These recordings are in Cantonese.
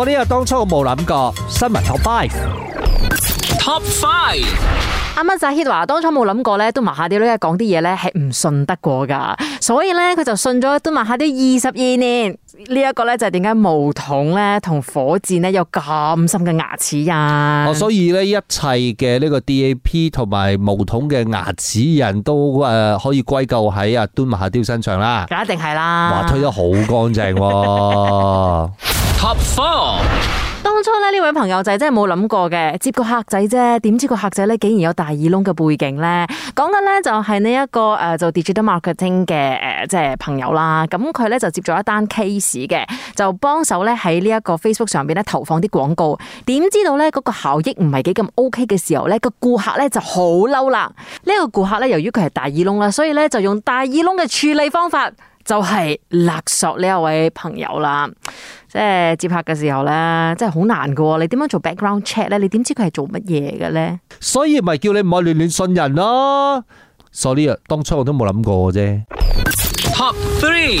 我呢個當初冇諗過。新聞 Top Five，Top Five。阿孖仔 Hit 華當初冇諗過咧，敦馬哈迪嘅講啲嘢咧係唔信得過噶，所以咧佢就信咗敦馬哈迪二十二年呢一個咧就係點解巫統咧同火箭咧有咁深嘅牙齒印呀？哦，所以呢，一切嘅呢個 DAP 同埋巫統嘅牙齒印都誒可以歸咎喺阿敦馬哈迪身上啦。一定係啦。話推得好乾淨。 Top four，當初咧呢位朋友仔真係冇諗過嘅，接個客仔啫，點知個客仔咧竟然有大耳窿嘅背景咧，講緊咧就係、是、呢一個誒，做、呃、digital marketing 嘅誒、呃，即係朋友啦。咁佢咧就接咗一單 case 嘅，就幫手咧喺呢一個 Facebook 上邊咧投放啲廣告。點知道咧嗰個效益唔係幾咁 OK 嘅時候咧，顧呢這個顧客咧就好嬲啦。呢個顧客咧由於佢係大耳窿啦，所以咧就用大耳窿嘅處理方法，就係、是、勒索呢一位朋友啦。即係接客嘅時候咧，即係好難嘅。你點樣做 background check 咧？你點知佢係做乜嘢嘅咧？所以咪叫你唔好亂亂信人咯。所以呢，sorry 啊，當初我都冇諗過啫。Top three，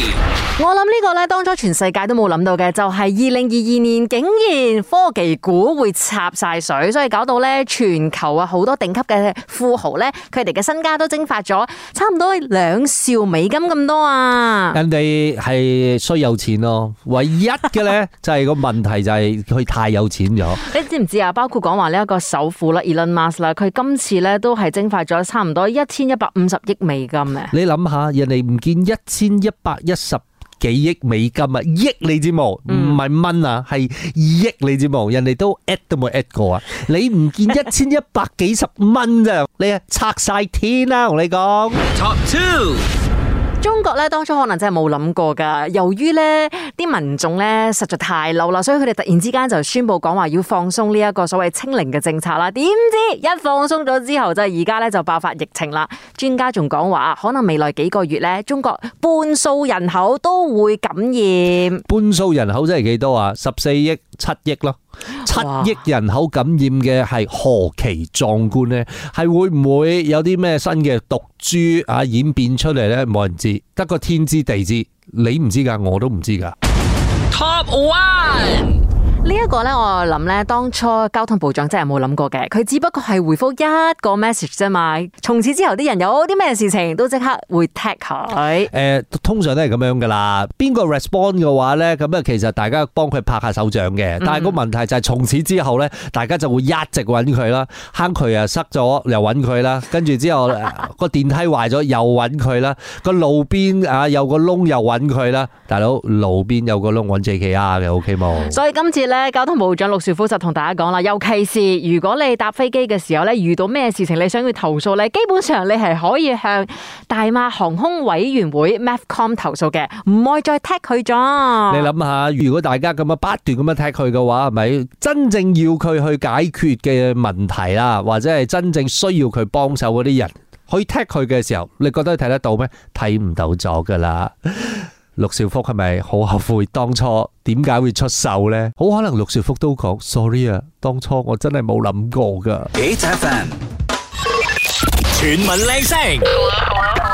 我諗呢個咧，當初全世界都冇諗到嘅，就係二零二二年竟然科技股會插晒水，所以搞到呢全球啊好多頂級嘅富豪呢，佢哋嘅身家都蒸發咗，差唔多兩兆美金咁多啊！人哋係衰有錢咯，唯一嘅呢就係、是、個 問題就係佢太有錢咗。你知唔知啊？包括講話呢一個首富啦，Elon Musk 啦，佢今次呢都係蒸發咗差唔多一千一百五十億美金啊！你諗下，人哋唔見一。千一百一十幾億美金啊，億你知冇？唔係蚊啊，係億你知冇？人哋都 at 都冇 at 過啊，你唔見 1, 一千一百幾十蚊咋啊？你，啊，拆晒天啦，啊，同你講。Top two。中國咧，當初可能真係冇諗過噶，由於咧啲民眾咧實在太嬲啦，所以佢哋突然之間就宣布講話要放鬆呢一個所謂清零嘅政策啦。點知一放鬆咗之後，就而家咧就爆發疫情啦。專家仲講話，可能未來幾個月咧，中國半數人口都會感染。半數人口真係幾多啊？十四億、七億咯。七億人口感染嘅，係何其壯觀呢？係會唔會有啲咩新嘅毒株啊演變出嚟呢？冇人知，得個天知地知，你唔知噶，我都唔知噶。Top one。呢一個咧，我諗咧，當初交通部長真係冇諗過嘅，佢只不過係回覆一個 message 啫嘛。從此之後啲人有啲咩事情都即刻會 tag 下，係誒、欸，通常都係咁樣噶啦，邊個 respond 嘅話咧，咁啊，其實大家幫佢拍下手掌嘅。但係個問題就係從此之後咧，大家就會一直搵佢啦，坑渠啊，塞咗又搵佢啦，跟住之後個電梯壞咗又搵佢啦，個 路邊啊有個窿又搵佢啦。大佬，路邊有個窿搵 J K R 嘅，OK 冇？所以今次咧，交通部長陸兆福就同大家講啦，尤其是如果你搭飛機嘅時候咧，遇到咩事情你想要投訴咧，基本上你係可以向大馬航空委員會 MAVCOM 投訴嘅，唔可以再踢佢咗。你諗下，如果大家咁樣不斷咁樣踢佢嘅話，係咪真正要佢去解決嘅問題啦，或者係真正需要佢幫手嗰啲人，可以踢佢嘅時候，你覺得睇得到咩？睇唔到咗噶啦。 陸兆福係咪好後悔當初點解會出售呢？好可能陸兆福都講 sorry 啊，當初我真係冇諗過噶。你好，早晨，全民靚聲。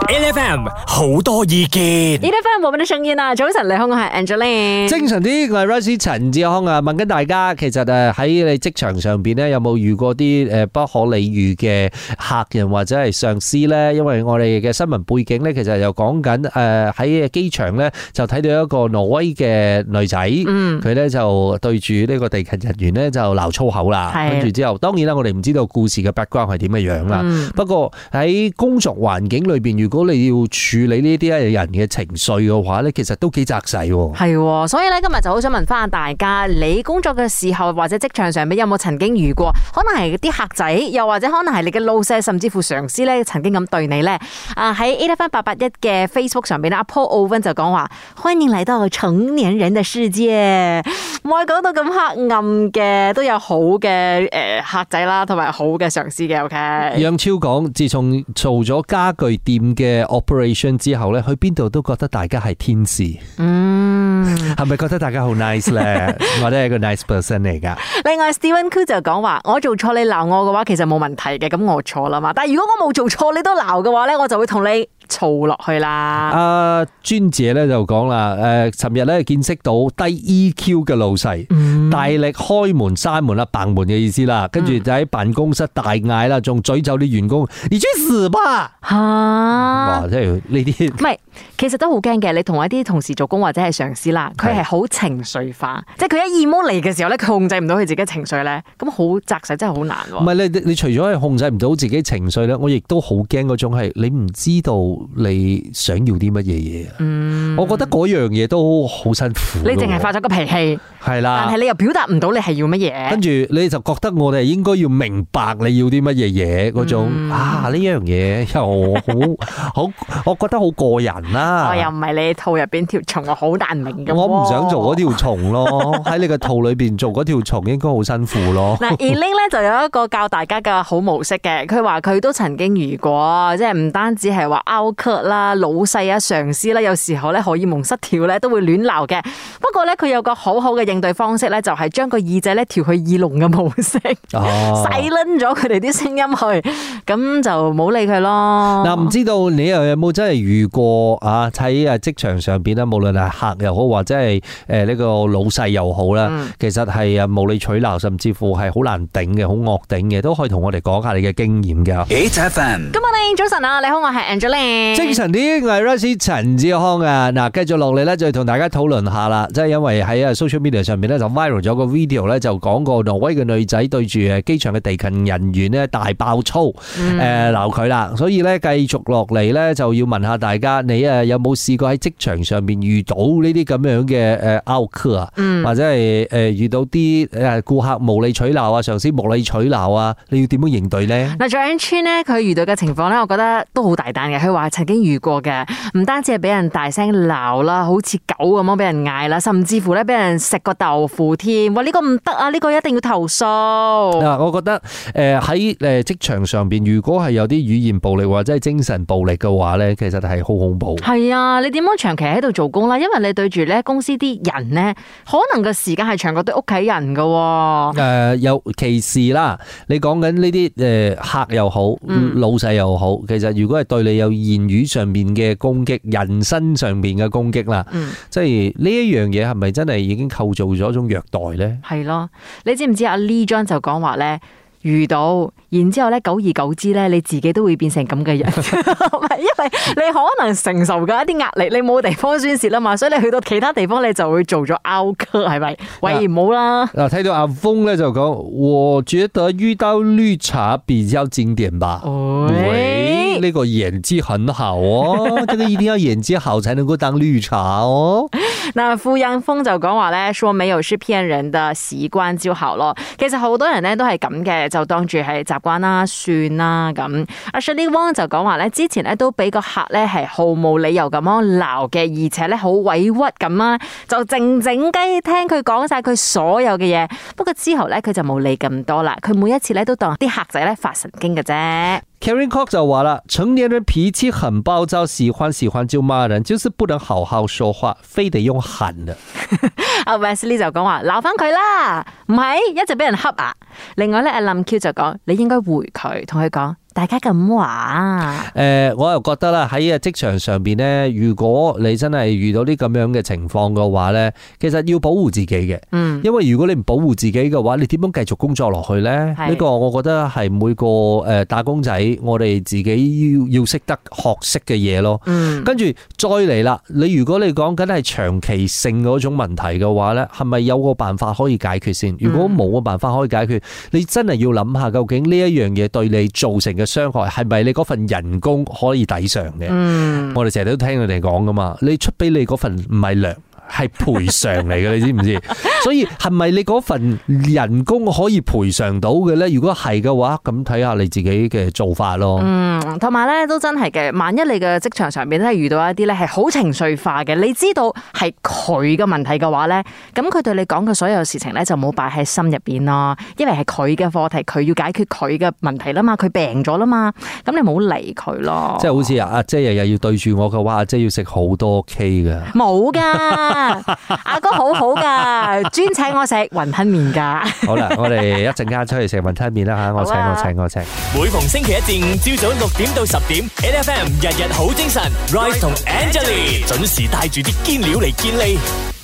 L.F.M. 好多意見，L.F.M. 我們的聲音啊，早晨你好，我係 Angeline。精神啲，我係 Rusty 陳志康啊，問緊大家，其實誒喺你職場上邊咧，有冇遇過啲誒不可理喻嘅客人或者係上司咧？因為我哋嘅新聞背景咧，其實又講緊誒喺機場咧就睇到一個挪威嘅女仔，嗯，佢咧就對住呢個地勤人員咧就鬧粗口啦，跟住之後，當然啦，我哋唔知道故事嘅 background 係點嘅樣啦，不過喺工作環境裏邊遇。如果你要處理呢啲人嘅情緒嘅話呢其實都幾紮實喎。係、哦，所以呢，今日就好想問翻大家，你工作嘅時候或者職場上面有冇曾經遇過可能係啲客仔，又或者可能係你嘅老細，甚至乎上司呢曾經咁對你呢？啊喺 a l e 八八一嘅 Facebook 上面咧 Apollo Owen 就講話：歡迎嚟到成年人的世界，唔可以講到咁黑暗嘅，都有好嘅誒、呃、客仔啦，同埋好嘅上司嘅。O.K. 楊超講：自從做咗家具店。嘅 operation 之後咧，去邊度都覺得大家係天使，嗯，係咪覺得大家好 nice 咧？我都係一個 nice person 嚟噶。 另外，Steven Cook 就講話：我做錯你鬧我嘅話，其實冇問題嘅，咁我錯啦嘛。但係如果我冇做錯，你都鬧嘅話咧，我就會同你燥落去啦！阿專、啊、姐咧就講啦，誒、呃，尋日咧見識到低 EQ 嘅老細，嗯、大力開門閂門啦、閉門嘅意思啦，跟住就喺辦公室大嗌啦，仲咀咒啲員工，你去死吧！吓哈，哇，即係呢啲，唔係，其實都好驚嘅。你同一啲同事做工或者係上司啦，佢係好情緒化，是即係佢一 emo 嚟嘅時候咧，佢控制唔到佢自己情緒咧，咁好扎實真、啊，真係好難。唔係你你除咗係控制唔到自己情緒咧，我亦都好驚嗰種係你唔知道。你想要啲乜嘢嘢啊？嗯、我覺得嗰樣嘢都好辛苦。你淨係發咗個脾氣，係啦的，但係你又表達唔到你係要乜嘢。跟住你就覺得我哋應該要明白你要啲乜嘢嘢嗰種、嗯、啊呢樣嘢又好 好，我覺得好過人啦、啊。我又唔係你肚入邊條蟲，我好難明。我唔想做嗰條蟲咯，喺 你個肚裏邊做嗰條蟲應該好辛苦咯。 而 Ling 咧就有一個教大家嘅好模式嘅，佢話佢都曾經如果即係唔單止係話啦老細啊上司啦有時候咧荷爾蒙失調咧都會亂鬧嘅不過咧佢有個好好嘅應對方式咧就係將個耳仔咧調去耳聾嘅模式細攣咗佢哋啲聲音去咁就冇理佢咯嗱唔、啊、知道你又有冇真係遇過啊喺啊職場上邊咧無論係客又好或者係誒呢個老細又好啦、嗯、其實係啊無理取鬧甚至乎係好難頂嘅好惡頂嘅都可以同我哋講下你嘅經驗噶 Hey FM，Good morning 早晨啊你好我係 Angeline Ang。精神啲，我係 Rasie 陳志康啊！嗱，繼續落嚟咧，就同大家討論下啦。即係因為喺 social media 上面咧，就 viral 咗個 video 咧，就講過挪威嘅女仔對住誒機場嘅地勤人員咧大爆粗誒鬧佢啦。所以咧繼續落嚟咧，就要問下大家，你誒有冇試過喺職場上面遇到呢啲咁樣嘅誒 out 啊，或者係誒遇到啲誒顧客無理取鬧啊，上司無理取鬧啊，你要點樣應對咧？嗱，張恩川咧，佢遇到嘅情況咧，我覺得都好大膽嘅，佢話。曾經遇過嘅，唔單止係俾人大聲鬧啦，好似狗咁樣俾人嗌啦，甚至乎咧俾人食個豆腐添。哇！呢個唔得啊，呢個一定要投訴。嗱，我覺得誒喺誒職場上邊，如果係有啲語言暴力或者係精神暴力嘅話咧，其實係好恐怖。係啊，你點樣長期喺度做工啦？因為你對住咧公司啲人咧，可能個時間係長過對屋企人噶喎。誒、呃，尤其是啦，你講緊呢啲誒客又好，嗯、老細又好，其實如果係對你有意。言語上面嘅攻擊，人身上面嘅攻擊啦，嗯，即係呢一樣嘢係咪真係已經構造咗一種虐待咧？係咯，你知唔知阿 Lee John 就講話咧，遇到，然之後咧，久而久之咧，你自己都會變成咁嘅人，係因為你可能承受嘅一啲壓力，你冇地方宣泄啦嘛，所以你去到其他地方，你就會做咗 outcut，係咪？喂，唔好啦。嗱，睇到阿峰咧就講，我覺得遇到綠茶比較經典吧。喂。呢 個演技很好哦，這個一定要演技好才能夠當綠茶哦。那胡楊峰就講話咧，說沒有是騙人的，習慣就好咯。其實好多人咧都係咁嘅，就當住係習慣啦，算啦咁。阿 Shelly Wong 就講話咧，之前咧都俾個客咧係毫無理由咁樣鬧嘅，而且咧好委屈咁啊，就靜靜雞聽佢講晒佢所有嘅嘢。不過之後咧佢就冇理咁多啦，佢每一次咧都當啲客仔咧發神經嘅啫。Karen Cox 就話了，成年人脾氣很暴躁，喜歡喜歡就罵人，就是不能好好說話，非得用喊的。阿 Wesley 就講話鬧翻佢啦，唔係一直俾人恰啊。 另外咧，阿林 Q 就講，你應該回佢，同佢講大家咁話。誒、呃，我又覺得啦，喺啊職場上邊咧，如果你真係遇到啲咁樣嘅情況嘅話咧，其實要保護自己嘅，嗯，因為如果你唔保護自己嘅話，你點樣繼續工作落去咧？呢是個我覺得係每個誒打工仔，我哋自己要要識得學識嘅嘢咯。嗯、跟住再嚟啦，你如果你講緊係長期性嗰種，問題嘅話咧，係咪有個辦法可以解決先？如果冇個辦法可以解決，嗯、你真係要諗下究竟呢一樣嘢對你造成嘅傷害，係咪你嗰份人工可以抵償嘅？嗯，我哋成日都聽佢哋講噶嘛，你出俾你嗰份唔係糧。係賠償嚟嘅，你知唔知？ 所以係咪你嗰份人工可以賠償到嘅咧？如果係嘅話，咁睇下你自己嘅做法咯。嗯，同埋咧都真係嘅。萬一你嘅職場上邊咧遇到一啲咧係好情緒化嘅，你知道係佢嘅問題嘅話咧，咁佢對你講嘅所有事情咧就冇擺喺心入邊咯。因為係佢嘅課題，佢要解決佢嘅問題啦嘛，佢病咗啦嘛，咁你冇理佢咯。咯咯即係好似阿阿姐日日要對住我嘅話，即係要食好多 K 噶，冇噶有。 阿哥好好噶，專 請我食雲吞麵噶。 好啦，我哋一陣間出去食雲吞麵啦吓，我請我請、啊、我請。我請我請每逢星期一至五朝早六點到十點，NFM 日日好精神 Rice 同 R ice Angelie 準時帶住啲堅料嚟堅利。